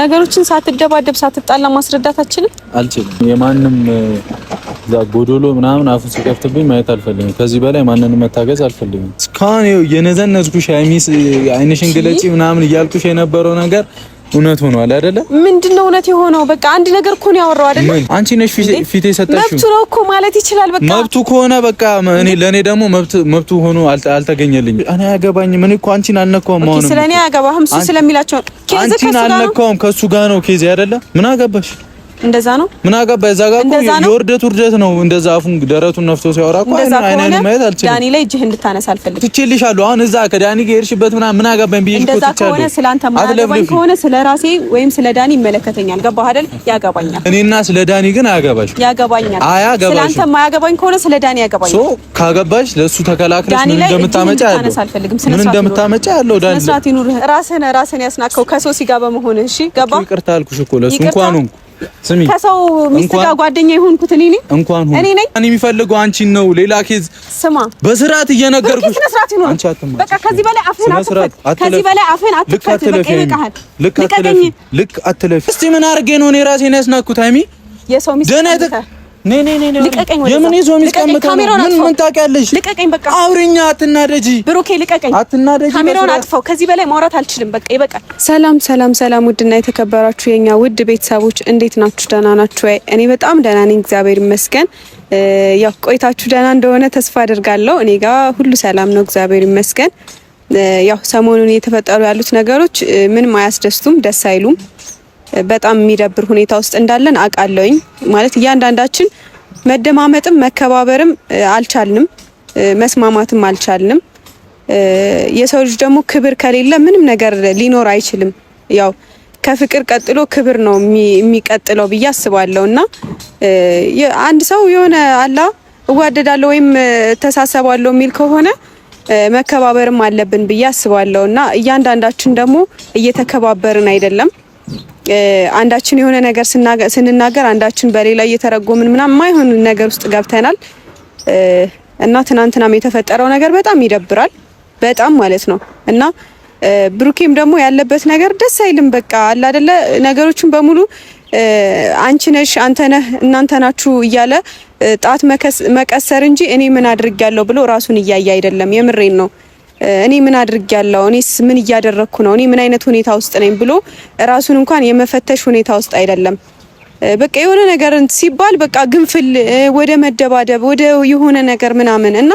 ነገሮችን ሳትደባደብ ሳትጣላ ማስረዳት አችልም አልችልም። የማንም እዛ ጎዶሎ ምናምን አፉ ሲከፍትብኝ ማየት አልፈልግም። ከዚህ በላይ ማንንም መታገዝ አልፈልግም። እስካሁን የነዘነዝኩሽ አይሚስ አይንሽን ግለጪ ምናምን እያልኩሽ የነበረው ነገር እውነት ሆኗል አይደለ? ምንድነው እውነት የሆነው? በቃ አንድ ነገር እኮ ነው ያወራው አይደለ? አንቺ ነሽ ፊቴ ሰጠሽው። መብቱ ነው እኮ ማለት ይችላል። በቃ መብቱ ከሆነ በቃ እኔ ለኔ ደግሞ መብት መብቱ ሆኖ አልተገኘልኝም። እኔ አያገባኝም። እኔ እኮ አንቺን አልነካውም። ማውንም ስለኔ አያገባህም። እሱ ስለሚላቸው ኬዝ ከሱ ጋር ነው። ከሱ ጋር ነው ኬዝ አይደለ? ምን አገባሽ? እንደዛ ነው። ምን አጋ በዛ ጋር እኮ የውርደት ውርደት ነው። እንደዛ አፉን ደረቱን ነፍቶ ሲያወራ እኮ አይኔን ማየት አልችልም። ዳኒ ላይ እጅህ እንድታነሳ አልፈልግም። ትቼልሻለሁ። አሁን እዛ ከዳኒ ጋር ሄድሽበት ምናምን ምን አጋ አገባኝ ብዬሽ እኮ ትቻለሁ። አትለፍልፊ። ከሆነ ስለ ራሴ ወይም ስለ ዳኒ ይመለከተኛል። ገባህ አይደል? ያገባኛል። እኔና ስለ ዳኒ ግን አያገባሽም። ያገባኛል። አያገባሽም። ስለ አንተም አያገባኝ ከሆነ ስለ ዳኒ ያገባኛል። ሶ ካገባሽ ለሱ ተከላክለሽ ምን እንደምታመጫ ያለው ዳኒ ላይ ምን እንደምታመጪ ያለው ዳኒ ስርዓት ይኑርህ። ራስህን ራስህን ያስናከው ከሶሲ ጋር በመሆንህ እሺ። ገባህ? ይቅርታ አልኩሽ እኮ ለሱ እንኳን ስሚ ከሰው ሚስት ጋር ጓደኛ የሆንኩት እኔ ነኝ። እንኳን ሆነ እኔ ነኝ። እኔ የሚፈልገው አንቺን ነው። ሌላ ኬዝ ስማ፣ በስርዓት እየነገርኩሽ በቃ ከዚህ በላይ አፍህን አትክፈት። ከዚህ በላይ አፍህን አትክፈት። በቃ ይበቃሃል። ልክ አትለፊ። ልክ አትለፊ። እስቲ ምን አድርጌ ነው እኔ ራሴን ያስናኩት? ሀይሚ የሰው ሚስት ነይ ነይ ነይ፣ ከዚህ በላይ ማውራት አልችልም። በቃ ይበቃል። ሰላም፣ ሰላም፣ ሰላም። ውድና የተከበራችሁ የኛ ውድ ቤተሰቦች እንዴት ናችሁ? ደህና ናችሁ ወይ? እኔ በጣም ደህና ነኝ፣ እግዚአብሔር ይመስገን። ያው ቆይታችሁ ደህና እንደሆነ ተስፋ አድርጋለሁ። እኔ ጋር ሁሉ ሰላም ነው፣ እግዚአብሔር ይመስገን። ያው ሰሞኑን እየተፈጠሩ ያሉት ነገሮች ምንም አያስደስቱም፣ ደስ አይሉም። በጣም የሚደብር ሁኔታ ውስጥ እንዳለን አውቃለሁኝ። ማለት እያንዳንዳችን መደማመጥም መከባበርም አልቻልንም፣ መስማማትም አልቻልንም። የሰው ልጅ ደግሞ ክብር ከሌለ ምንም ነገር ሊኖር አይችልም። ያው ከፍቅር ቀጥሎ ክብር ነው የሚቀጥለው ብዬ አስባለሁ እና አንድ ሰው የሆነ አላ እዋደዳለሁ ወይም ተሳሰባለሁ የሚል ከሆነ መከባበርም አለብን ብዬ አስባለሁ እና እያንዳንዳችን ደግሞ እየተከባበርን አይደለም። አንዳችን የሆነ ነገር ስንናገር አንዳችን በሌላ እየተረጎምን ምናምን ማይሆን ነገር ውስጥ ገብተናል እና ትናንትናም የተፈጠረው ነገር በጣም ይደብራል። በጣም ማለት ነው እና ብሩኬም ደግሞ ያለበት ነገር ደስ አይልም። በቃ አለ አይደለ ነገሮችን በሙሉ አንቺ ነሽ አንተ ነህ እናንተ ናችሁ እያለ ጣት መቀሰር እንጂ እኔ ምን ያለው ብሎ ራሱን እያየ አይደለም። የምሬን ነው። እኔ ምን አድርግ ያለው እኔስ ምን እያደረግኩ ነው እኔ ምን አይነት ሁኔታ ውስጥ ነኝ ብሎ ራሱን እንኳን የመፈተሽ ሁኔታ ውስጥ አይደለም። በቃ የሆነ ነገር ሲባል በቃ ግንፍል ወደ መደባደብ ወደ የሆነ ነገር ምናምን እና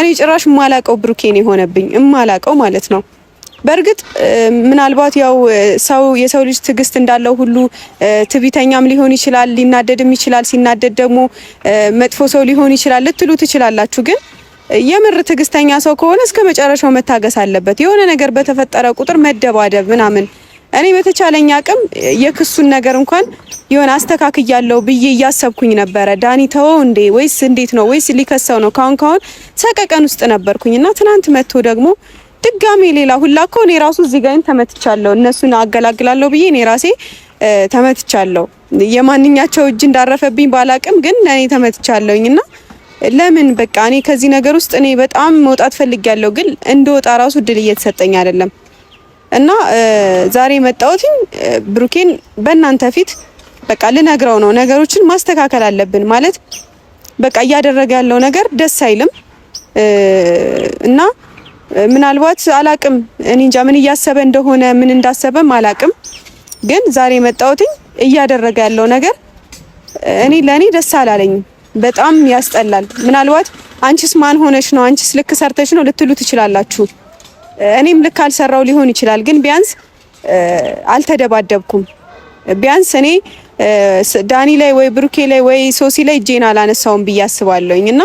እኔ ጭራሽ ማላቀው ብሩኬን የሆነብኝ እማላቀው ማለት ነው። በእርግጥ ምናልባት ያው ሰው የሰው ልጅ ትዕግስት እንዳለው ሁሉ ትቢተኛም ሊሆን ይችላል፣ ሊናደድም ይችላል። ሲናደድ ደግሞ መጥፎ ሰው ሊሆን ይችላል ልትሉ ትችላላችሁ ግን የምር ትዕግስተኛ ሰው ከሆነ እስከ መጨረሻው መታገስ አለበት። የሆነ ነገር በተፈጠረ ቁጥር መደባደብ ምናምን እኔ በተቻለኝ አቅም የክሱን ነገር እንኳን የሆነ አስተካክያለሁ ብዬ እያሰብኩኝ ነበረ። ዳኒ ተወው እንዴ ወይስ እንዴት ነው ወይስ ሊከሰው ነው? ካሁን ካሁን ሰቀቀን ውስጥ ነበርኩኝ እና ትናንት መጥቶ ደግሞ ድጋሜ ሌላ ሁላ እኮ እኔ ራሱ እዚህ ጋር ተመትቻለሁ። እነሱን አገላግላለሁ ብዬ እኔ ራሴ ተመትቻለሁ። የማንኛቸው እጅ እንዳረፈብኝ ባላቅም ግን እኔ ተመትቻለሁኝ እና ለምን በቃ እኔ ከዚህ ነገር ውስጥ እኔ በጣም መውጣት ፈልጊያለሁ፣ ግን እንደወጣ ራሱ እድል እየተሰጠኝ አይደለም። እና ዛሬ መጣሁትኝ ብሩኬን በእናንተ ፊት በቃ ልነግረው ነው። ነገሮችን ማስተካከል አለብን ማለት በቃ እያደረገ ያለው ነገር ደስ አይልም እና ምናልባት አላቅም እኔ እንጃ ምን እያሰበ እንደሆነ ምን እንዳሰበም አላቅም። ግን ዛሬ መጣሁትኝ እያደረገ ያለው ነገር እኔ ለእኔ ደስ አላለኝም። በጣም ያስጠላል። ምናልባት አንቺስ ማን ሆነሽ ነው አንቺስ ልክ ሰርተሽ ነው ልትሉ ትችላላችሁ። እኔም ልክ አልሰራው ሊሆን ይችላል፣ ግን ቢያንስ አልተደባደብኩም። ቢያንስ እኔ ዳኒ ላይ ወይ ብሩኬ ላይ ወይ ሶሲ ላይ እጄን አላነሳውም ብዬ አስባለሁኝ እና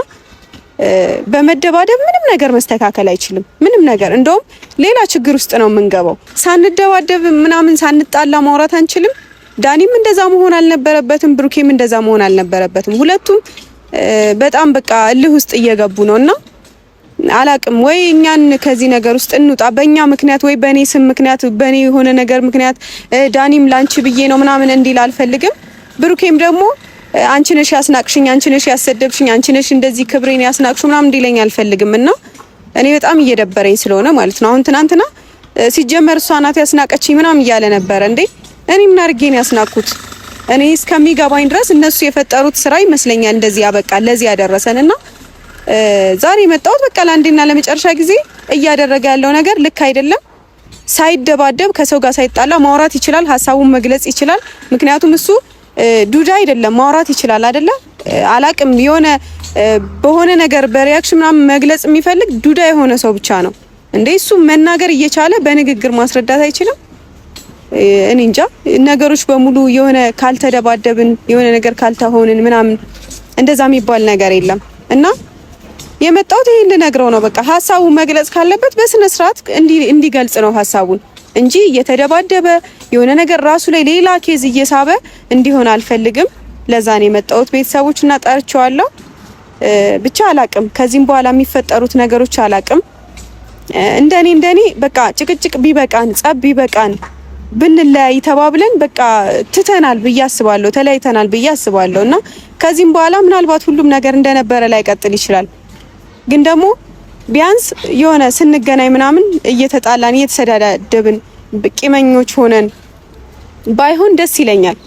በመደባደብ ምንም ነገር መስተካከል አይችልም። ምንም ነገር እንደውም ሌላ ችግር ውስጥ ነው የምንገባው። ሳንደባደብ ምናምን ሳንጣላ ማውራት አንችልም። ዳኒም እንደዛ መሆን አልነበረበትም፣ ብሩኬም እንደዛ መሆን አልነበረበትም። ሁለቱም በጣም በቃ እልህ ውስጥ እየገቡ ነው እና አላቅም ወይ እኛን ከዚህ ነገር ውስጥ እንውጣ። በእኛ ምክንያት ወይ በእኔ ስም ምክንያት በእኔ የሆነ ነገር ምክንያት ዳኒም ላንቺ ብዬ ነው ምናምን እንዲል አልፈልግም። ብሩኬም ደግሞ አንቺ ነሽ ያስናቅሽኝ፣ አንቺ ነሽ ያሰደብሽኝ፣ አንቺ ነሽ እንደዚህ ክብሬን ያስናቅሽው ምናምን እንዲለኝ አልፈልግም እና እኔ በጣም እየደበረኝ ስለሆነ ማለት ነው። አሁን ትናንትና ሲጀመር እሷ ናት ያስናቀችኝ ምናምን እያለ ነበረ እንዴ እኔ ምን አድርጌ ነው ያስናኩት? እኔ እስከሚገባኝ ድረስ እነሱ የፈጠሩት ስራ ይመስለኛል እንደዚህ ያበቃ ለዚህ ያደረሰንና ዛሬ የመጣሁት በቃ ለአንዴና ለመጨረሻ ጊዜ እያደረገ ያለው ነገር ልክ አይደለም። ሳይደባደብ ከሰው ጋር ሳይጣላ ማውራት ይችላል፣ ሀሳቡን መግለጽ ይችላል። ምክንያቱም እሱ ዱዳ አይደለም፣ ማውራት ይችላል አይደለ? አላቅም የሆነ በሆነ ነገር በሪያክሽን ምናምን መግለጽ የሚፈልግ ዱዳ የሆነ ሰው ብቻ ነው እንዴ። እሱ መናገር እየቻለ በንግግር ማስረዳት አይችልም። እኔ እንጃ ነገሮች በሙሉ የሆነ ካልተደባደብን የሆነ ነገር ካልተሆንን ምናምን እንደዛ የሚባል ነገር የለም እና የመጣሁት ይሄን ልነግረው ነው። በቃ ሀሳቡን መግለጽ ካለበት በስነ ስርዓት እንዲገልጽ ነው ሀሳቡን እንጂ እየተደባደበ የሆነ ነገር ራሱ ላይ ሌላ ኬዝ እየሳበ እንዲሆን አልፈልግም። ለዛ ነው የመጣሁት። ቤተሰቦች እና ጠርቼዋለሁ። ብቻ አላቅም፣ ከዚህም በኋላ የሚፈጠሩት ነገሮች አላቅም። እንደኔ እንደኔ በቃ ጭቅጭቅ ቢበቃን፣ ጸብ ቢበቃን ብንለያይ ተባብለን በቃ ትተናል ብዬ አስባለሁ፣ ተለያይተናል ብዬ አስባለሁ እና ከዚህም በኋላ ምናልባት ሁሉም ነገር እንደነበረ ላይቀጥል ይችላል። ግን ደግሞ ቢያንስ የሆነ ስንገናኝ ምናምን እየተጣላን እየተሰዳደብን ቂመኞች ሆነን ባይሆን ደስ ይለኛል።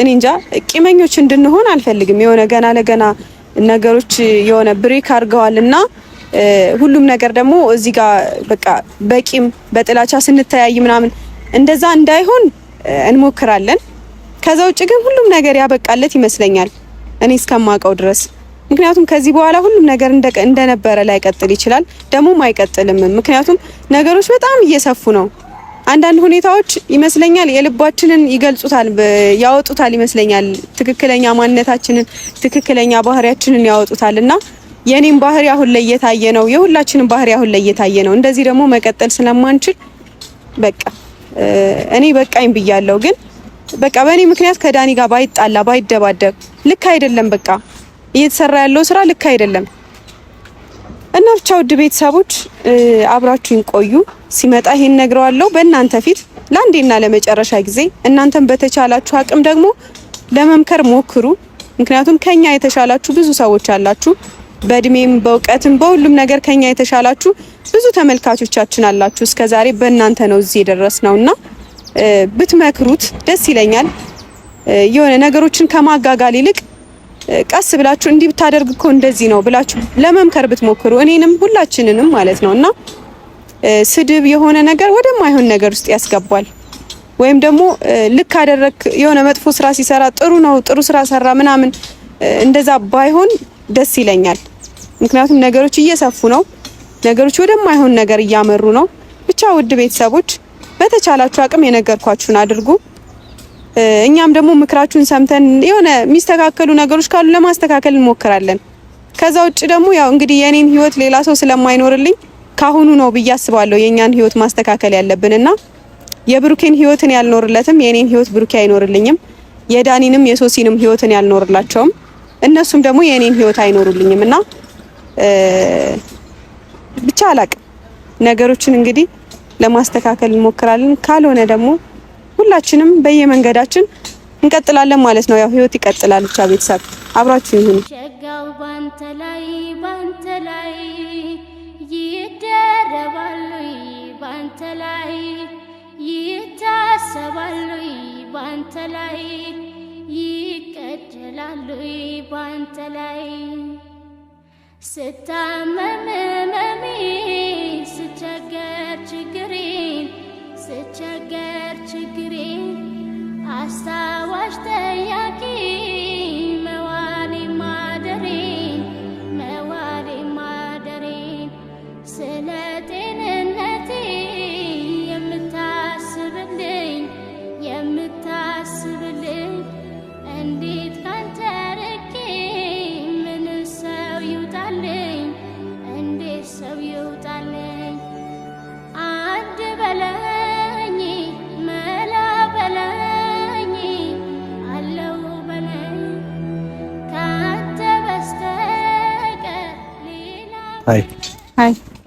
እኔ እንጃ ቂመኞች እንድንሆን አልፈልግም። የሆነ ገና ለገና ነገሮች የሆነ ብሬክ አድርገዋል እና ሁሉም ነገር ደግሞ እዚህ ጋር በቃ በቂም በጥላቻ ስንተያይ ምናምን እንደዛ እንዳይሆን እንሞክራለን። ከዛ ውጭ ግን ሁሉም ነገር ያበቃለት ይመስለኛል እኔ እስከማውቀው ድረስ። ምክንያቱም ከዚህ በኋላ ሁሉም ነገር እንደነበረ ላይቀጥል ይችላል፣ ደግሞም አይቀጥልም። ምክንያቱም ነገሮች በጣም እየሰፉ ነው። አንዳንድ ሁኔታዎች ይመስለኛል የልባችንን ይገልጹታል፣ ያወጡታል ይመስለኛል። ትክክለኛ ማንነታችንን፣ ትክክለኛ ባህሪያችንን ያወጡታል እና የኔም ባህሪ አሁን ላይ እየታየ ነው። የሁላችንም ባህሪ አሁን ላይ እየታየ ነው። እንደዚህ ደግሞ መቀጠል ስለማንችል በቃ እኔ በቃኝ ብያለሁ። ግን በቃ በእኔ ምክንያት ከዳኒ ጋር ባይጣላ ባይደባደብ ልክ አይደለም። በቃ እየተሰራ ያለው ስራ ልክ አይደለም እና ብቻ ውድ ቤተሰቦች አብራችሁን ቆዩ። ሲመጣ ይሄን እነግረዋለሁ በእናንተ ፊት ለአንዴና ለመጨረሻ ጊዜ። እናንተም በተቻላችሁ አቅም ደግሞ ለመምከር ሞክሩ። ምክንያቱም ከኛ የተሻላችሁ ብዙ ሰዎች አላችሁ። በእድሜም በእውቀትም በሁሉም ነገር ከኛ የተሻላችሁ ብዙ ተመልካቾቻችን አላችሁ። እስከ ዛሬ በእናንተ ነው እዚህ ነው እና ብትመክሩት ደስ ይለኛል። የሆነ ነገሮችን ከማጋጋል ይልቅ ቀስ ብላችሁ እንዲህ ብታደርግ እኮ እንደዚህ ነው ብላችሁ ለመምከር ብትሞክሩ እኔንም ሁላችንንም ማለት ነው እና ስድብ የሆነ ነገር ወደማይሆን ነገር ውስጥ ያስገባል። ወይም ደግሞ ልክ አደረግ የሆነ መጥፎ ስራ ሲሰራ ጥሩ ነው ጥሩ ስራ ሰራ ምናምን እንደዛ ባይሆን ደስ ይለኛል። ምክንያቱም ነገሮች እየሰፉ ነው። ነገሮች ወደማይሆን ነገር እያመሩ ነው። ብቻ ውድ ቤተሰቦች በተቻላችሁ አቅም የነገርኳችሁን አድርጉ። እኛም ደግሞ ምክራችሁን ሰምተን የሆነ የሚስተካከሉ ነገሮች ካሉ ለማስተካከል እንሞክራለን። ከዛ ውጭ ደግሞ ያው እንግዲህ የኔን ህይወት ሌላ ሰው ስለማይኖርልኝ ካሁኑ ነው ብዬ አስባለሁ የእኛን ህይወት ማስተካከል ያለብንና የብሩኬን ህይወትን ያልኖርለትም የኔን ህይወት ብሩኬ አይኖርልኝም። የዳኒንም የሶሲንም ህይወትን ያልኖርላቸውም። እነሱም ደግሞ የእኔን ህይወት አይኖሩልኝም እና ብቻ አላቅም። ነገሮችን እንግዲህ ለማስተካከል እንሞክራለን። ካልሆነ ደግሞ ሁላችንም በየመንገዳችን እንቀጥላለን ማለት ነው። ያው ህይወት ይቀጥላል። ብቻ ቤተሰብ አብራችሁ ይሁን። ሸጋው ባንተ ላይ ባንተ ላይ ይደረባሉ ባንተ ላይ ይታሰባሉ ባንተ ላይ ይቀድላሉ ባንተ ላይ ስታመም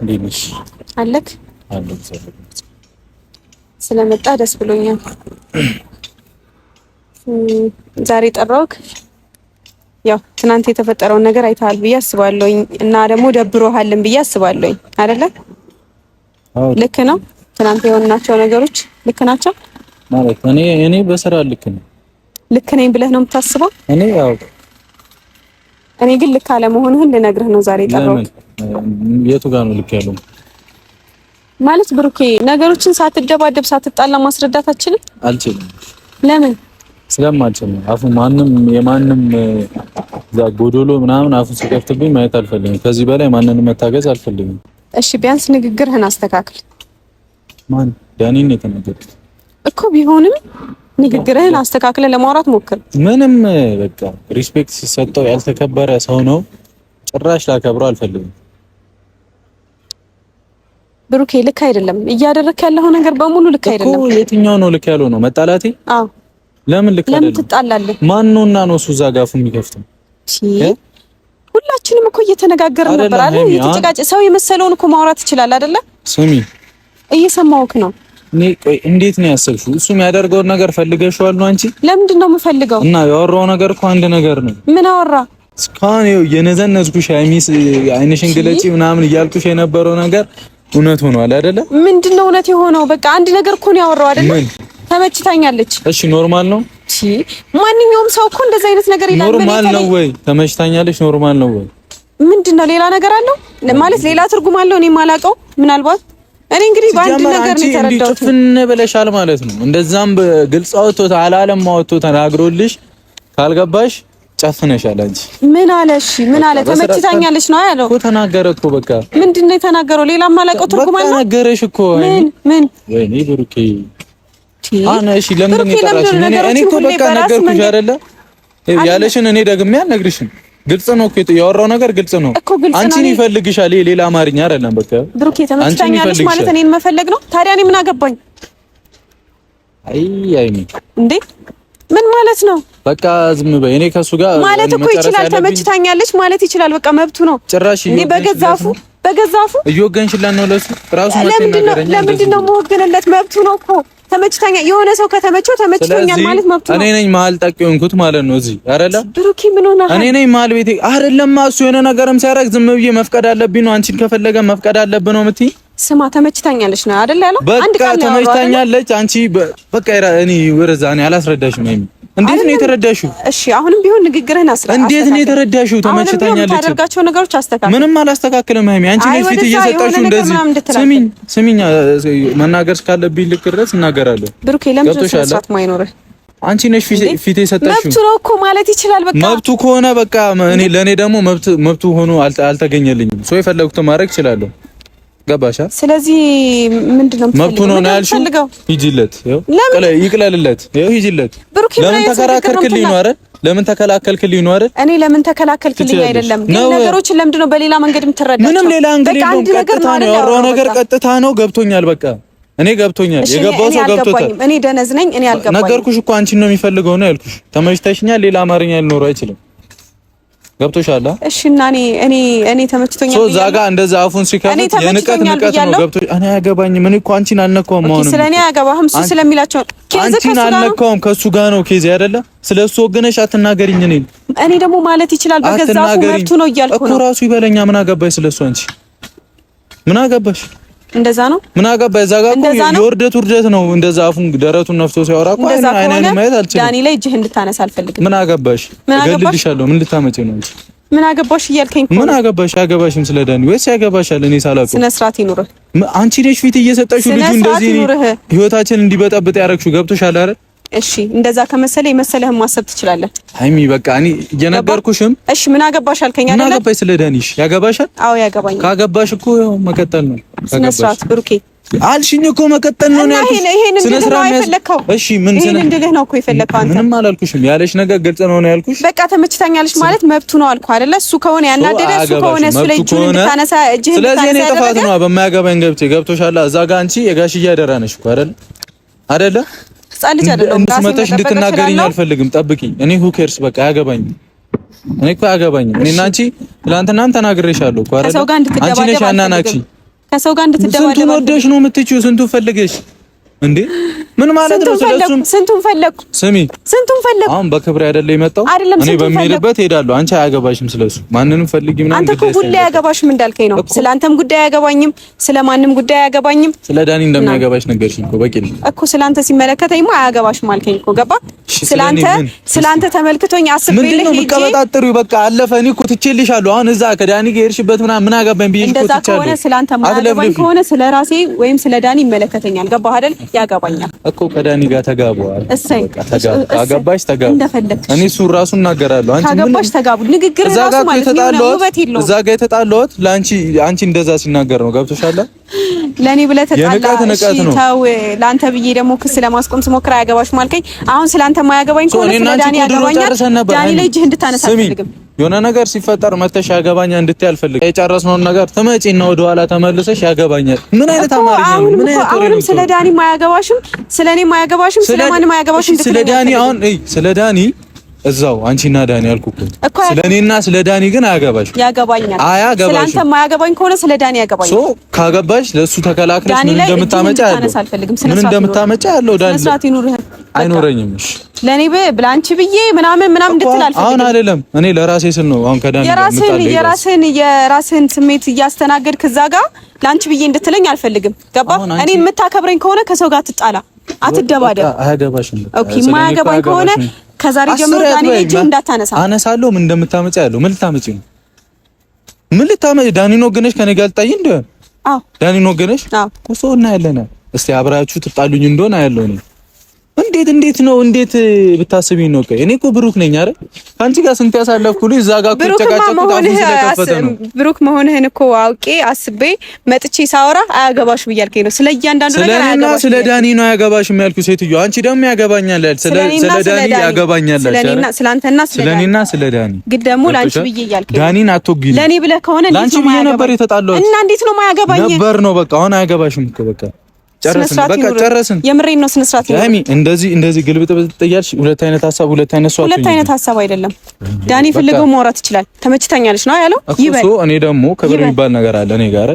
እንዴት ነሽ? አለክ ስለመጣ ደስ ብሎኛል። ዛሬ ጠራውክ ያው ትናንት የተፈጠረውን ነገር አይተሃል ብዬ አስባለሁኝ እና ደግሞ ደብሮሃልን ብዬ አስባለሁኝ አይደለ? ልክ ነው። ትናንት የሆናቸው ነገሮች ልክ ናቸው ማለት እኔ እኔ በስራ ልክ ነው ልክ ነኝ ብለህ ነው የምታስበው? እኔ ያው እኔ ግን ልክ አለመሆንህን ልነግርህ ነው ዛሬ የጠራሁት። የቱ ጋር ነው ልክ ያለው? ማለት ብሩኬ ነገሮችን ሳትደባደብ ሳትጣላ ማስረዳት አችልም? አልችልም። ለምን ስለማልችል አፉ ማንም የማንም ጎዶሎ ምናምን አፉ ሲከፍትብኝ ማየት አልፈልግም። ከዚህ በላይ ማንንም መታገዝ አልፈልግም። እሺ ቢያንስ ንግግርህን አስተካክል። ማን ዳኒን የተናገርኩት እኮ ቢሆንም ንግግርህን አስተካክለ ለማውራት ሞክር። ምንም በቃ ሪስፔክት ሲሰጠው ያልተከበረ ሰው ነው። ጭራሽ ላከብረው አልፈልግም። ብሩኬ ልክ አይደለም እያደረክ ያለው ነገር በሙሉ ልክ አይደለም እኮ። የትኛው ነው ልክ ያለው ነው? መጣላቴ? አዎ። ለምን ልክ አይደለም? ለምን ትጣላለህ? ማን ነው እና ነው እሱ እዛ ጋፉ የሚከፍተው? ሁላችንም እኮ እየተነጋገርን ነበር አይደል? እየተጨቃጨ ሰው የመሰለውን እኮ ማውራት ይችላል አይደለ? ስሚ፣ እየሰማውክ ነው እኔ ቆይ እንዴት ነው ያሰብሽው? እሱ የሚያደርገውን ነገር ፈልገሽዋል ነው አንቺ? ለምንድን ነው የምፈልገው? እና ያወራው ነገር እኮ አንድ ነገር ነው። ምን አወራ? እስካሁን ይኸው የነዘነዝኩሽ አይሚስ አይንሽን ግለጪ ምናምን እያልኩሽ የነበረው ነገር እውነት ሆኗል አይደለ? ምንድን ነው እውነት የሆነው? በቃ አንድ ነገር እኮ ነው ያወራው አይደለ? ተመችታኛለች። እሺ ኖርማል ነው። እሺ ማንኛውም ሰው እኮ እንደዚህ አይነት ነገር ይላል። ኖርማል ነው ወይ? ተመችታኛለች። ኖርማል ነው ወይ? ምንድን ነው ሌላ ነገር አለው ማለት ሌላ ትርጉም አለው እኔ የማላውቀው ምናልባት እኔ እንግዲህ በአንድ ነገር ነው የተረዳሁት። ጭፍን ብለሻል ማለት ነው። እንደዛም በግልጽ አውጥቶ አላለም አውጥቶ ተናግሮልሽ ካልገባሽ ጨፍነሻል። አንቺ ምን አለሽ? ምን አለ? ተመችታኛለች ነው ያለው እኮ ተናገረ እኮ በቃ። ምንድን ነው የተናገረው? ሌላ ማላውቀው ትርጉም አለ? ተናገረሽ እኮ ምን ምን? ወይኔ ብሩኬ አና እሺ፣ ለምን ነው የጠራሽ? እኔ እኮ በቃ ነገርኩሽ አይደለ ያለሽን እኔ ደግሜ አልነግርሽም ግልጽ ነው እኮ ያወራው ነገር ግልጽ ነው አንቺን ይፈልግሻል ሌላ አማርኛ አይደለም በቃ ብሩኬ ተመችታኛለሽ ማለት እኔን መፈለግ ነው ታዲያ እኔ ምን አገባኝ አይ አይ እንዴ ምን ማለት ነው በቃ ዝም በይ እኔ ከሱ ጋር ማለት እኮ ይችላል ተመችታኛለሽ ማለት ይችላል በቃ መብቱ ነው ጭራሽ እኔ በገዛፉ በገዛፉ እየወገንሽላት ነው ለሱ ራሱ ማለት ነው ለምንድን ነው የምወገንለት መብቱ ነው እኮ ተመችተኛ የሆነ ሰው ከተመቸው ተመችቶኛል ማለት መብቱ ነው። እኔ ነኝ መሀል ጠቅ የሆንኩት ማለት ነው እዚህ አይደለ ብሩኪ? ምን ሆነ? እኔ ነኝ መሀል ቤቴ አይደለም። እሱ የሆነ ነገርም ሲያደርግ ዝም ብዬ መፍቀድ አለብኝ ነው። አንቺን ከፈለገ መፍቀድ አለብን ነው የምትይኝ ስማ ተመችታኛለች ነው አይደል ያለው? በቃ ተመችታኛለች። አንቺ በቃ እኔ ወረዛ እኔ አላስረዳሽም። አይሚ እንዴት ነው የተረዳሽው? እሺ አሁንም ቢሆን ንግግርህን አስረዳ። እንዴት ነው የተረዳሽው? ተመችታኛለች። ታደርጋቸው ነገሮች አስተካክል። ምንም አላስተካክልም አይሚ። አንቺ ነው ፊት እየሰጣሽው እንደዚህ። ስሚኝ ስሚኝ፣ መናገር ካለብኝ ልክ ድረስ እናገራለሁ። ብሩኬ ለምን ሰዓት ማይኖርህ አንቺ ነሽ ፊት የሰጠሽው። መብቱ ነው እኮ ማለት ይችላል። በቃ መብቱ ከሆነ በቃ እኔ ለኔ ደግሞ መብቱ መብቱ ሆኖ አልተገኘልኝም። ሰው የፈለጉትን ማድረግ ይችላለሁ። ገባሻ? ስለዚህ ምንድነው መብቱ ነው ያልሽ። ሂጂለት፣ ይቅለልለት፣ ሂጂለት። ለምን ተከራከርክልኝ ነው አይደል? ለምን ተከላከልክልኝ ነው አይደል? እኔ ለምን ተከላከልክልኝ አይደለም፣ ግን ነገሮችን ለምንድነው በሌላ መንገድ የምትረዳቸው? ምንም ሌላ ነው ያወራው ነገር ቀጥታ ነው። ገብቶኛል፣ በቃ እኔ ገብቶኛል። የገባው ሰው ገብቶታል። እኔ ደነዝ ነኝ። እኔ አልገባኝም። ነገርኩሽ እኮ አንቺን ነው የሚፈልገው ነው ያልኩሽ። ተመችተሽኛል። ሌላ አማርኛ ሊኖረው አይችልም። ገብቶሻል? እሺ። እና እኔ እኔ እኔ ተመችቶኛል። ሶ እዛ ጋር እንደዛ አፉን ሲከፍት የንቀት ንቀት ነው። ገብቶ እኔ አያገባኝም። እኔ እኮ አንቺን አልነካውም። አሁን ስለ እኔ አያገባህም። እሱ ስለሚላቸው አንቺን አልነካውም። ከሱ ጋር ነው ኬዝ አይደለ? ስለ እሱ ወገነሽ አትናገሪኝ። እኔ እኔ ደግሞ ማለት ይችላል። በገዛ አፉ መብቱ ነው እያልኩ ነው እኮ። ራሱ ይበለኛ። ምን አገባሽ ስለ እሱ አንቺ? ምን አገባሽ? እንደዛ ነው። ምን አጋ በዛ ጋር እኮ የውርደት ውርደት ነው። እንደዛ አፉን ደረቱን ነፍቶ ሲያወራ እኮ አይኔን ማየት አልችልም። ዳኒ ላይ እጅህ እንድታነሳ አልፈልግም። ምን አገባሽ? እገልልሻለሁ። ምን ልታመጪ ነው? ምን አገባሽ እያልከኝ ምን አገባሽ? አገባሽም ስለ ዳኒ ወይስ ያገባሻል? እኔ ሳላውቀው ስነ ስርዓት ይኑርህ። አንቺ ነሽ ፊት እየሰጠሽው ልጁ እንደዚህ ህይወታችን እንዲበጠብጥ ያደረግሽው። ገብቶሻል አይደል? እሺ እንደዛ ከመሰለ የመሰለህን ማሰብ ትችላለህ። ሀይሚ በቃ እኔ እየነገርኩሽም። እሺ ምን አገባሽ አልከኝ አይደል? ምን አገባሽ ስለ ዳኒሽ ያገባሻል? አዎ ያገባኛል። ካገባሽ እኮ መቀጠል ነው። ስነ ስርዓት ብሩኬ አልሽኝ እኮ መቀጠል ነው ያልኩሽ። ስነ ስርዓት የፈለከው እሺ፣ ምን ስነ ይሄን እንድልህ ነው እኮ የፈለከው አንተ። ምንም አላልኩሽም። ያለሽ ነገር ግልጽ ነው ነው ያልኩሽ። በቃ ተመችታኛለሽ ማለት መብቱ ነው አልኩ አይደለ? እሱ ከሆነ ያናደደ እሱ ከሆነ እሱ ላይ እጅህን እንድታነሳ እጅህን ስለዚህ እኔ ጥፋት ነው በማያገባኝ ገብቼ ገብቶሻል። እዛ ጋር አንቺ የጋሽዬ አደራ ነሽ እኮ አይደለ? አይደለ ህጻን ልጅ አይደለም። ስመጠሽ እንድትናገሪኝ አልፈልግም። ጠብቂኝ። እኔ ሁ ኬርስ በቃ አያገባኝ። እኔ እኮ አያገባኝ። እኔና አንቺ ትላንትናም ተናግሬሻለሁ እኮ አይደል? አንቺ ነሽ አናናቅሽኝ። ከሰው ጋር እንድትደባደባ ስንቱን ወደሽ ነው የምትችይው? ስንቱን ፈልገሽ እንዴ ምን ማለት ነው? ስለሱም ስንቱን ፈለኩ። ስሚ ስንቱን ፈለኩ። አሁን በክብር አይደለ የመጣው እኔ በሚሄድበት ሄዳለሁ። አንቺ አያገባሽም፣ ስለሱ ማንንም ፈልጊ ምናምን። አንተ እኮ ጉዳይ አያገባሽም እንዳልከኝ ነው። ስለ አንተም ጉዳይ አያገባኝም፣ ስለ ማንም ጉዳይ አያገባኝም። ስለ ዳኒ እንደሚያገባሽ ነገርሽኝ እኮ በቂ ነው እኮ። ስለ አንተ ሲመለከተኝ አያገባሽም አልከኝ እኮ ገባ። ስለ አንተ ስለ አንተ ተመልክቶኝ አስቤልህ ሄጄ ቀበጣጥሩ በቃ አለፈ። እኔ እኮ ትቼልሻለሁ። አሁን እዛ ከዳኒ ጋር ሄድሽበት ምናምን ምን አገባኝ ብዬሽ እኮ ትቼልሻለሁ። ስለ አንተ ማያገባኝ ከሆነ ስለ ራሴ ወይም ስለ ዳኒ ይመለከተኛል። ገባህ አይደል? ያገባኛል እኮ ከዳኒ ጋር ተጋቧል። እሰይ አገባሽ ተጋቡ። እኔ እሱን ራሱ እናገራለሁ። አንቺ ካገባሽ ተጋቡ። ንግግር ራሱ ማለት ነው። ውበት የለውም። እዛ ጋር የተጣላሁት ለአንቺ አንቺ እንደዛ ሲናገር ነው። ገብቶሻል ለኔ ብለህ ተጣላ። ለአንተ ብዬ ደግሞ ክስ ለማስቆም ስሞክር አያገባሽም ማልከኝ። አሁን ስለአንተ ማያገባኝ ከሆነ ስለ ዳኒ ያገባኛል። ዳኒ ላይ እጅህ እንድታነሳ አልፈልግም። የሆነ ነገር ሲፈጠር መተሽ ያገባኛ እንድትይ አልፈልግም። የጨረስነውን ነገር ትመጪና ወደ ኋላ ተመልሰሽ ያገባኛል። ምን አይነት አማርኛ አሁንም ስለ ዳኒ ማያገባሽም፣ ስለ እኔ ማያገባሽም፣ ስለ ማንም ማያገባሽም። ስለ ዳኒ አሁን ስለ ዳኒ እዛው አንቺ እና ዳኒ አልኩኩ። ስለ እኔና ስለ ዳኒ ግን አያገባሽ። ያገባኛል። አያገባሽ። ስለ ማያገባኝ ከሆነ ስለ ዳኒ ያገባኝ። ሶ ካገባሽ ለሱ ተከላክለሽ ምን እንደምታመጪ ያለው ምን እንደምታመጪ ያለው ዳኒ ስራት ይኑርህ። አይኖረኝም። እሺ ለኔ ብላንቺ ብዬ ምናምን ምናምን እንድትላልፍ አሁን አይደለም እኔ ለራሴ ስን ነው አሁን ከዳኒ የራስህን የራስህን የራስህን ስሜት እያስተናገድክ እዛ ጋር ለአንቺ ብዬ እንድትለኝ አልፈልግም። ገባ እኔ የምታከብረኝ ከሆነ ከሰው ጋር አትጣላ፣ አትደባደብ። አያገባሽ። ኦኬ ማያገባኝ ከሆነ ከዛሬ ጀምሮ ዳኒ እጅ እንዳታነሳ አነሳለሁ። ምን እንደምታመጪ ያለው ምን ልታመጪ ነው? ምን ልታመጪ ዳኒ ነው ገነሽ ከኔ ጋር ልታይ እንደ አዎ ዳኒ ነው አዎ። እሱ እና ያለና እስቲ አብራችሁ ትጣሉኝ እንደሆነ ያለው ነው እንዴት እንዴት ነው እንዴት ብታስቢ ነው? ቆይ እኔ እኮ ብሩክ ነኝ አረ አንቺ ጋር ስንት ያሳለፍኩ ልጅ እዛ ጋር እኮ ተጨቃጨቅኩት። አሁን ስለተፈተ ነው ብሩክ መሆንህን እኮ አውቄ አስቤ መጥቼ ሳወራ አያገባሽ ብያልከኝ ነው። ስለ እያንዳንዱ ነገር አያገባሽ፣ ስለ ዳኒ ነው አያገባሽ ያልኩት። ሴትዮ አንቺ ደግሞ ያገባኛል ስለ ስለ ዳኒ ያገባኛል ስለ ያልሽ ስለ አንተና ስለ ዳኒና ስለ ዳኒ ግን ደግሞ ላንቺ ብዬ እያልከኝ ዳኒን አትወጊልኝ። ለኔ ብለህ ከሆነ ላንቺ ብዬ ነበር የተጣላሁት እና እንዴት ነው የማያገባኝ ነበር ነው። በቃ አሁን አያገባሽም እኮ በቃ ጨረስን። የምሬን ነው። ስነ ስርዓት እንደዚህ እንደዚህ ግልብጥ ብትጠያልሽ ሁለት አይነት ሀሳብ ሁለት አይነት ሰው ሁለት አይነት ሀሳብ አይደለም። ዳኒ ፈልገው ማውራት ይችላል። ተመችተኛለች ነው ያለው። ይበል እኔ ደግሞ ክብር የሚባል ነገር አለ እኔ ጋር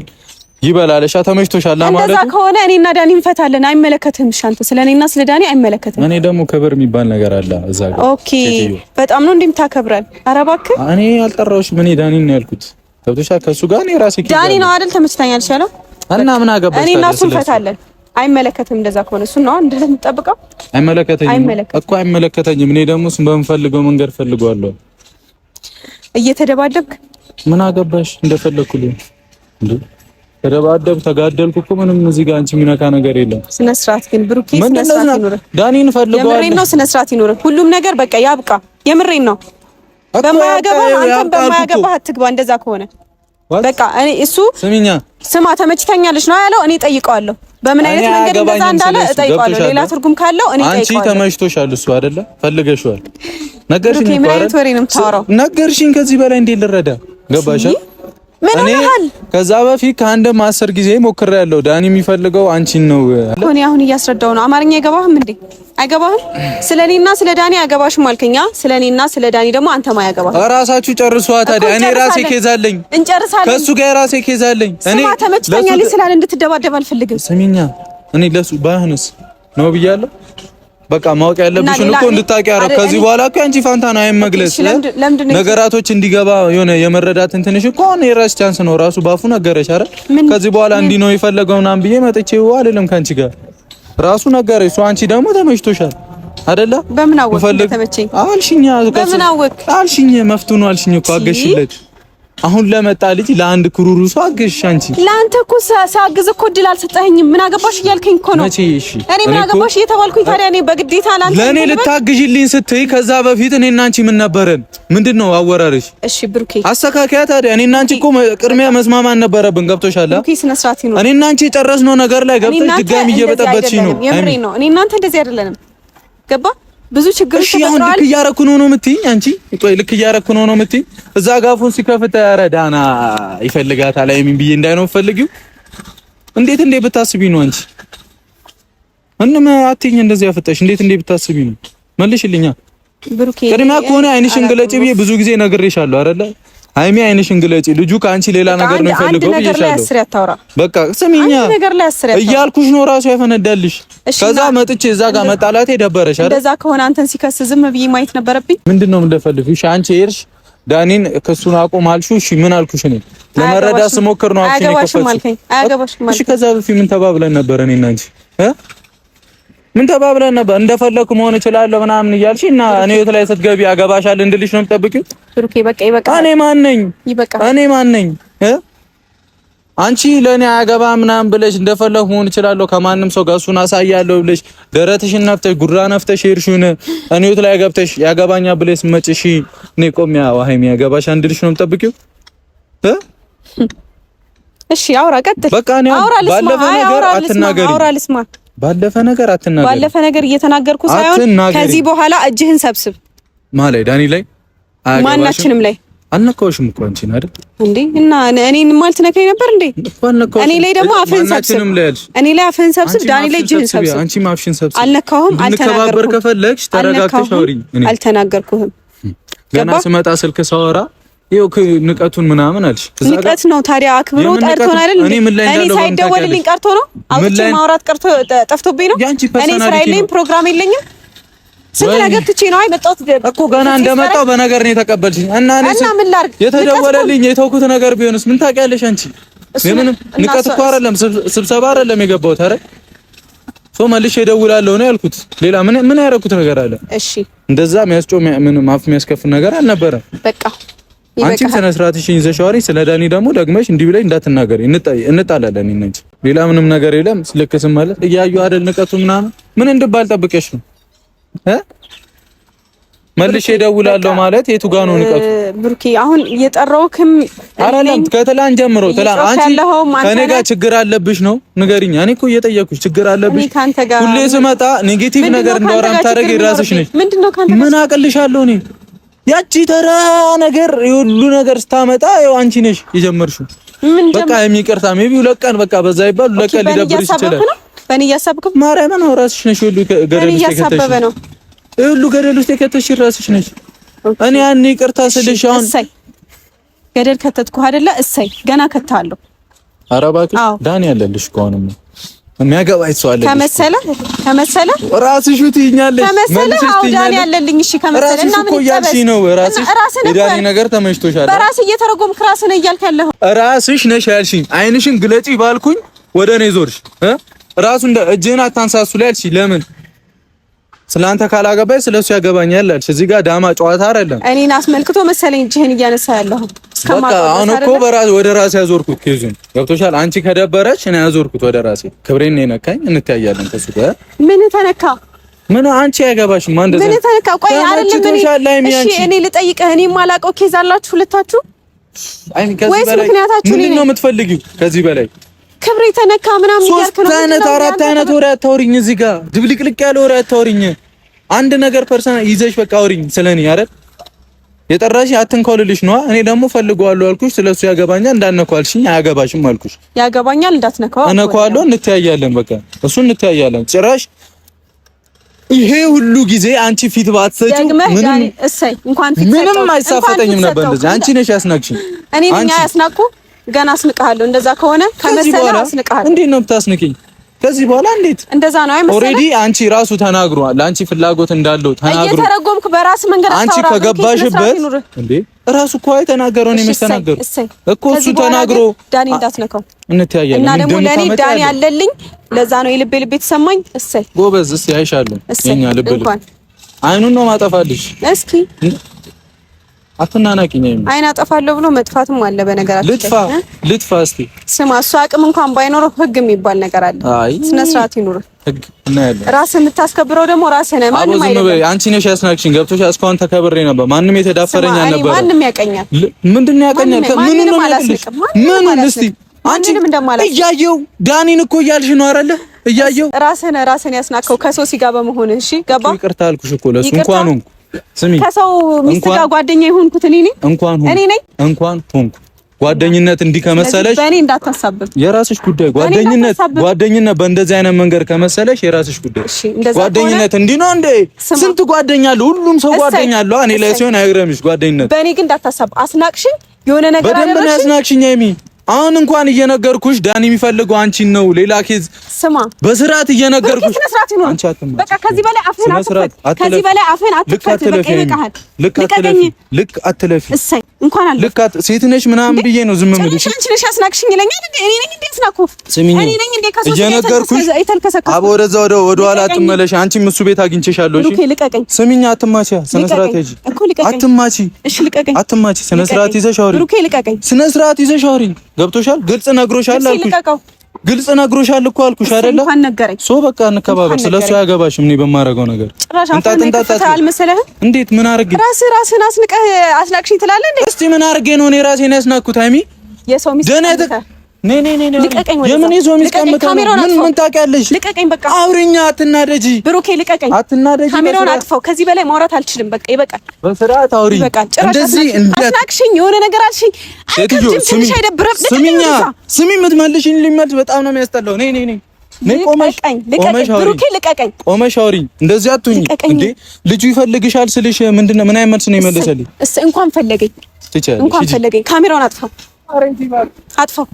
ይበላለሻ ተመችቶሻል ማለት ነው። ከሆነ እኔና ዳኒ እንፈታለን። አይመለከትም። ሻንተ ስለ እኔና ስለ ዳኒ አይመለከትም። እኔ ደግሞ ክብር የሚባል ነገር አለ እዛ ጋር። ኦኬ በጣም ነው እንደምታከብረን። ኧረ እባክህ እኔ አልጠራሁሽም። እኔ ዳኒ ነው ያልኩት። ገብቶሻል? ከእሱ ጋር እኔ ዳኒ ነው አይደል ያለው እና ምን አገባሽ? እሱ እንፈታለን አይመለከትም። እንደዛ ከሆነ እሱ ነው እንደዛ የምጠብቀው። አይመለከተኝም እኮ አይመለከተኝም። እኔ ደግሞ እሱን በምፈልገው መንገድ ፈልገዋለሁ። እየተደባደብክ ምን አገባሽ? እንደፈለግኩልኝ እንዴ ተደባደብ ተጋደልኩ እኮ ምንም እዚህ ጋር አንቺ የሚነካ ነገር የለም። ስነ ስርዓት ግን ብሩኬ፣ ስነ ስርዓት ይኖር። ዳኒን ፈልገዋለሁ። የምሬን ነው። ስነ ስርዓት ይኖር። ሁሉም ነገር በቃ ያብቃ። የምሬን ነው። በማያገባ አንተም በማያገባ አትግባ። እንደዛ ከሆነ በቃ እኔ እሱ ስሚኛ፣ ስማ፣ ተመችተኛለች ነው ያለው። እኔ ጠይቀዋለሁ በምን አይነት መንገድ እንደዛ እንዳለ እጠይቀዋለሁ። ሌላ ትርጉም ካለው እኔ እጠይቀዋለሁ። አንቺ ተመችቶሻል፣ እሱ አይደለ ፈልገሽዋል፣ ነገርሽኝ። ምን አይነት ወሬ ነው የምታወራው? ነገርሽኝ። ከዚህ በላይ እንዴት ልረዳ ገባሻል? ምን ከዛ በፊት ከአንድም አስር ጊዜ ሞክሬያለሁ። ዳኒ የሚፈልገው አንቺን ነው። እኔ አሁን እያስረዳው ነው። አማርኛ አይገባህም እንዴ? አይገባህም። ስለ እኔና ስለ ዳኒ አይገባሽም አልከኛ። ስለ እኔና ስለ ዳኒ ደግሞ አንተ ማያገባህ። ያገባህ? እራሳችሁ ጨርሷ። ታዲያ እኔ ራሴ ኬዛለኝ፣ እንጨርሳለን። ከሱ ጋር ራሴ ኬዛለኝ። እኔ ተመችቶኛል ስላለ እንድትደባደብ አልፈልግም። ስሚኛ፣ እኔ ለሱ ባህንስ ነው ብያለሁ በቃ ማወቅ ያለብሽን እኮ እንድታቂ ያረግ። ከዚህ በኋላ እኮ አንቺ ፋንታ ነው አይም መግለጽ ነገራቶች እንዲገባ የሆነ የመረዳት እንትንሽ እኮ የራስ ቻንስ ነው። ራሱ ባፉ ነገረሽ አረ ከዚህ በኋላ እንዲህ ነው የፈለገው ምናምን ብዬ መጥቼ አይደለም ከአንቺ ጋር ራሱ ነገረሽ። እሱ አንቺ ደግሞ ተመችቶሻል አይደለ? በምን አወቅ ተመቸኝ አልሽኝ። በምን አወቅ አልሽኝ። አልሽኝ እኮ አገሽለት አሁን ለመጣ ልጅ ለአንድ ክሩሩ ሰው አገዝሽ። አንቺ ለአንተ እኮ ሳግዝ እኮ እድል አልሰጠኸኝም። ምን አገባሽ እያልከኝ እኮ ነው። እኔ ምን አገባሽ እየተባልኩኝ ታዲያ እኔ በግዴታ ለአንተ ለእኔ ልታግዥልኝ ስትይ ከዛ በፊት እኔና አንቺ ምን ነበረን? ምንድን ነው አወራርሽ? እሺ ብሩኬ አስተካከያ። ታዲያ እኔና አንቺ እኮ ቅድሚያ መስማማት ነበረብን። ገብቶሻል? ብሩኬ ስነ ስርዓት ይኖር። እኔና አንቺ የጨረስነው ነገር ላይ ገብተሽ ድጋሚ እየበጠበጥሽ ነው። ነው። እኔና አንተ እንደዚህ አይደለንም። ገባ ብዙ ችግር እሺ፣ አሁን ልክ እያረኩ ነው ነው የምትይኝ አንቺ? ቆይ ልክ እያረኩ ነው ነው የምትይኝ? እዛ ጋፉን ሲከፍት ኧረ ዳና ይፈልጋታል አይሚን ብዬ እንዳይ ነው ፈልጊው። እንዴት እንዴ ብታስቢ ነው አንቺ? እንም አትይኝ እንደዚህ ያፈጠሽ እንዴት እንዴ ብታስቢ ነው? መልሽልኛ። ብሩኬ ቅድሚያ ከሆነ አይንሽን ግለጪ ብዬ ብዙ ጊዜ ነግሬሻለሁ አይደለ? ሀይሚ አይንሽን ግለጪ። ልጁ ከአንቺ ሌላ ነገር ነው የሚፈልገው ብዬሻለሁ። በቃ ስሚኛ እያልኩሽ ነው ራሱ ያፈነዳልሽ። ከዛ መጥቼ እዛ ጋር መጣላት ደበረሽ አይደል? እንደዛ ከሆነ አንተን ሲከስ ዝም ብዬ ማየት ነበረብኝ። ምንድን ነው የምንደፈልፊው? እሺ አንቺ ሄድሽ ዳኒን ክሱን አቁም አልሽው። እሺ ምን አልኩሽ? እኔ ለመረዳት ስሞክር ነው አልሽኝ። ከዛ በፊት ምን ተባብለን ነበር እኔና አንቺ? ምን ተባብለን ነበር? እንደፈለኩ መሆን እችላለሁ ምናምን እያልሽ እና እኔ ወት ላይ ስትገቢ አገባሻል እንድልሽ ነው የምጠብቂው? ብሩኬ በቃ ይበቃ። እኔ ማን ነኝ? ይበቃ። እኔ ማን ነኝ? አንቺ ለእኔ አያገባ ምናምን ብለሽ እንደፈለኩ መሆን እችላለሁ ከማንም ሰው ጋር እሱን አሳያለሁ ብለሽ ደረትሽን ነፍተሽ ጉራ ነፍተሽ ሄድሽውን እኔ ወት ላይ ገብተሽ ያገባኛ ብለሽ መጭሽ እኔ ቆሚያ ዋሃይም ያገባሻ እንድልሽ ነው የምጠብቂው? እሺ አውራ፣ ቀጥል። በቃ እኔ ባለፈ ነገር አትናገሪ። አውራ ልስማ ባለፈ ነገር አትናገር። ባለፈ ነገር እየተናገርኩ ሳይሆን ከዚህ በኋላ እጅህን ሰብስብ ማለት ዳኒ ላይ ማናችንም ላይ አልነካሁሽም እኮ አንቺን አይደል እንዴ? እና እኔን ማልትነካኝ ነበር እንዴ? እኔ ላይ ደግሞ አፍህን ሰብስብ። እኔ ላይ አፍህን ሰብስብ፣ ዳኒ ላይ እጅህን ሰብስብ። አንቺ ማፍሽን ሰብስብ። አልነካሁም፣ አልተናገርኩም። ከፈለግሽ ተረጋግተሽ አውሪኝ። አልተናገርኩህም። ገና ስመጣ ስልክ ሳወራ ይኸው ንቀቱን ምናምን አልሽ። ንቀት ነው ታዲያ፣ አክብሮ ጠርቶን አይደል? እኔ ምን ላይ እንዳለው ሳይደወልልኝ ቀርቶ ነው? አውጥቼ ማውራት ቀርቶ ጠፍቶብኝ ነው? እኔ ስራ የለኝም ፕሮግራም የለኝም። ስንት ነገር ትቼ ነው የመጣሁት እኮ። ገና እንደመጣሁ በነገር ነው የተቀበልሽኝ። እና እኔ እና ምን ላድርግ? የተደወለልኝ የተውኩት ነገር ቢሆንስ ምን ታውቂያለሽ አንቺ? ምንም ንቀት እኮ አይደለም፣ ስብሰባ አይደለም የገባሁት። አረ ሰው መልሼ እደውላለሁ ነው ያልኩት። ሌላ ምን ምን ያደረኩት ነገር አለ? እሺ፣ እንደዛ የሚያስጮህ ምንም አፍ የሚያስከፍል ነገር አልነበረም። በቃ አንቺም ስነ ስርዓትሽን ይዘሽ አውሪ። ስለ ዳኒ ደግሞ ደግመሽ እንዲህ ብለሽ እንዳትናገሪ፣ እንጣላለን። እንጂ ሌላ ምንም ነገር የለም። ልክስም ማለት እያዩ አይደል ንቀቱ ምናምን ምን እንድባል ጠብቀሽ ነው እ መልሼ እደውላለሁ ማለት የቱ ጋር ነው ንቀቱ? ብሩኬ አሁን እየጠራሁህም አይደለም ከትላንት ጀምሮ ትላንት አንቺ ከእኔ ጋር ችግር አለብሽ ነው ንገሪኝ። እኔ እኮ እየጠየኩሽ ችግር አለብሽ። ሁሌ ስመጣ ኔጌቲቭ ነገር እንዳወራ የምታደርጊ እራስሽ ነሽ። ምን አቅልሻለሁ እኔ ያቺ ተራ ነገር የሁሉ ነገር ስታመጣ ያው አንቺ ነሽ የጀመርሽው። በቃ የሚቀርታ ሜቢ ሁለት በቃ በዛ ይባል ሁለት ሊደብር ይችላል። በእኔ እያሳብክ ማርያም ነው ራስሽ ነሽ ሁሉ ገደል ውስጥ የከተሽ ነው ሁሉ ገደል ውስጥ የከተሽ ራስሽ ነሽ። እኔ ያኔ ይቅርታ ስልሽ አሁን እሰይ ገደል ከተትኩ አይደለ? እሰይ ገና ከታለሁ። ኧረ እባክሽ ዳኒ ያለልሽ ከሆነም የሚያገባኝ ሰው አለ ከመሰለ ከመሰለ ራስሽ ትይኛለሽ ከመሰለ አውዳን ያለልኝ እሺ ከመሰለ ምን ይታበስ ነው ራስሽ የዳኒ ነገር ተመችቶሻል ራስሽ እየተረጎምክ ነው እያልክ ያለኸው ራስሽ ነሽ ያልሽኝ አይንሽን ግለጪ ባልኩኝ ወደ እኔ ዞርሽ እ ራሱ እንደ እጅህን አታንሳሱ ላይ ያልሽኝ ለምን ስለአንተ ካላገባኝ ስለሱ እሱ ያገባኛል አለች። እዚህ ጋር ዳማ ጨዋታ አይደለም። እኔን አስመልክቶ መሰለኝ እጅህን እያነሳ ያለሁ። በቃ አሁን እኮ በራስ ወደ ራሴ ያዞርኩት ኬዙን ገብቶሻል። አንቺ ከደበረች እኔ ያዞርኩት ወደ ራሴ። ክብሬን የነካኝ እንተያያለን ከሱ ጋር። ምን ተነካ? ምን አንቺ ያገባሽ ማን እንደዛ ምን ተነካ? ቆይ አይደለም። ምን እሺ እኔ ልጠይቅህ። እኔ የማላውቀው ኬዝ አላችሁ ሁለታችሁ ከዚህ በላይ ምንድን ነው የምትፈልጊው ከዚህ በላይ ክብሬ ተነካ ምናምን ነው። ሶስት አይነት አራት አይነት ወሬ አታውሪኝ። እዚህ ጋር ድብልቅልቅ ያለ ወሬ አታውሪኝ። አንድ ነገር ፐርሰን ይዘሽ በቃ አውሪኝ ስለኔ አይደል? የጠራሽ አትንኮልልሽ ነዋ። እኔ ደግሞ ፈልገዋለሁ አልኩሽ። ስለሱ ያገባኛል እንዳትነኳልሽኝ አያገባሽም አልኩሽ። ያገባኛል እንዳትነካው እነካዋለሁ። እንተያያለን በቃ እሱ እንተያያለን። ጭራሽ ይሄ ሁሉ ጊዜ አንቺ ፊት ባትሰጪው ምንም አይሳፈጠኝም ነበር። እንደዚህ አንቺ ነሽ ያስናቅሽኝ። እኔ ነኝ ያስናቅኩ ገና አስንቀሃለሁ። እንደዛ ከሆነ ከመሰለ አስንቀሃለሁ። እንዴት ነው የምታስንቀኝ? ከዚህ በኋላ እንዴት እንደዛ ነው አይመስልም። ኦሬዲ አንቺ ራሱ ተናግሯል። አንቺ ፍላጎት እንዳለው ተናግሮ እየተረጎምክ በራስ መንገድ አንቺ ከገባሽበት እንዴ ራሱ እኮ የተናገረው ነው የምስተናገሩ እኮ እሱ ተናግሮ ዳኒ እንዳትነካው እንተያያለን። እና ደግሞ ለኔ ዳኒ አለልኝ። ለዛ ነው የልቤ ልቤ ተሰማኝ። እሰይ ጎበዝ፣ እስኪ አይሻለሁ። የኛ ልብ ልብ አይኑን ነው ማጠፋልሽ እስኪ አትናናቂ ነኝ። አይን አጠፋለሁ ብሎ መጥፋትም አለ። በነገራችን ልጥፋ ልጥፋ። እስቲ ስማ፣ እሱ አቅም እንኳን ባይኖረው ህግ የሚባል ነገር አለ። ስነ ስርዓት ይኑር። ህግ እናያለን። ራስህ የምታስከብረው ደግሞ ራስህ ነህ። ማንም አይደለም። አንቺ ነሽ ያስናቅሽኝ። ገብቶሽ? እስካሁን ተከብሬ ነበር። ማንም የተዳፈረኝ አልነበረ። ማንም ያቀኛል። ምንድን ነው ያቀኛል? ምንም አላስነቅም። ምንም እስቲ አንቺ እያየው ዳኒን እኮ እያልሽ ነው አይደለ? እያየው ራስህ ነህ ራስህን ያስናቀው ከሶሲ ጋር በመሆን እሺ፣ ገባ። ይቅርታ አልኩሽ እኮ ለእሱ እንኳን ስሚ ከሰው ሚስት ጋር ጓደኛ የሆንኩት እኔ ነኝ። እንኳን እኔ ነኝ እንኳን ሆንኩ ጓደኝነት እንዲህ ከመሰለሽ በእኔ እንዳታሳብብ፣ የራስሽ ጉዳይ። ጓደኝነት ጓደኝነት በእንደዚህ አይነት መንገድ ከመሰለሽ የራስሽ ጉዳይ። ጓደኝነት እንዲህ ነው እንዴ? ስንት ጓደኛ አለ? ሁሉም ሰው ጓደኛ አለ። እኔ ላይ ሲሆን አይግረምሽ። ጓደኝነት በእኔ ግን እንዳታሳብብ። አስናቅሽኝ፣ የሆነ ነገር አደረግሽኝ። በደንብ ነው ያስናቅሽኝ ሀይሚ አሁን እንኳን እየነገርኩሽ ዳን የሚፈልገው አንቺን ነው። ሌላ ኬዝ ስማ፣ በስርዓት እየነገርኩሽ በቃ ከዚህ በላይ ከዚህ በላይ በቃ ልክ ልክ እንኳን አለ ልክ ሴት ነሽ ምናምን ብዬ ነው ዝም የምልሽ። አንቺ ነሽ እኔ ነኝ እኔ ነኝ ከሶስት እየነገርኩሽ አቦ፣ ወደዛ ወደ ኋላ አትመለሽ። አንቺም እሱ ቤት አግኝቼሻለሁ። እሺ ልቀቀኝ። ስሚኝ፣ አትማቺ፣ ስነ ስርዓት ይዘሽ እኮ እሺ ልቀቀኝ። ስነ ስርዓት ይዘሽ አውሪ። ልቀቀኝ። ስነ ስርዓት ይዘሽ ገብቶሻል? ግልጽ ነግሮሻል አልኩሽ። ግልጽ ነግሮሻል እኮ አልኩሽ አይደለ? ሶ በቃ እንከባበር። ስለሱ አያገባሽም። እኔ በማረገው ነገር እንጣጥ እንጣጥ አልመሰለህም? እንዴት ምን አርጌ ራስ ራስህን አስንቀህ አስናቅሽኝ ትላለህ እንዴ? እስቲ ምን አርጌ ነው እኔ ራሴን ያስናኩት? ሃይሚ የሰው ሚስት ልቀቀኝ። የምን ይዞ የሚቀመጥ ምን ምን ታውቂያለሽ? ልቀቀኝ። በቃ አውሪኝ። አትናደጂ ብሩኬ፣ ልቀቀኝ። አትናደጂ። ካሜራውን አጥፋው። ከዚህ በላይ ማውራት አልችልም። በቃ ይበቃል። በስርዓት አውሪ። እንደዚህ አስናቅሽኝ፣ የሆነ ነገር አልሽኝ። ትንሽ አይደብርም? ስሚኛ፣ ስሚ፣ የምትመልሽኝ ሊመድ በጣም ነው የሚያስጠላው። ነይ ነይ ነይ ቆመሽ አውሪኝ። እንደዚህ አትሁኝ እንዴ! ልጁ ይፈልግሻል ስልሽ ምንድን ነው ምን አይነት መልስ ነው የመለሰልኝ? እንኳን ፈለገኝ፣ እንኳን ፈለገኝ። ካሜራውን አጥፋው፣ አጥፋው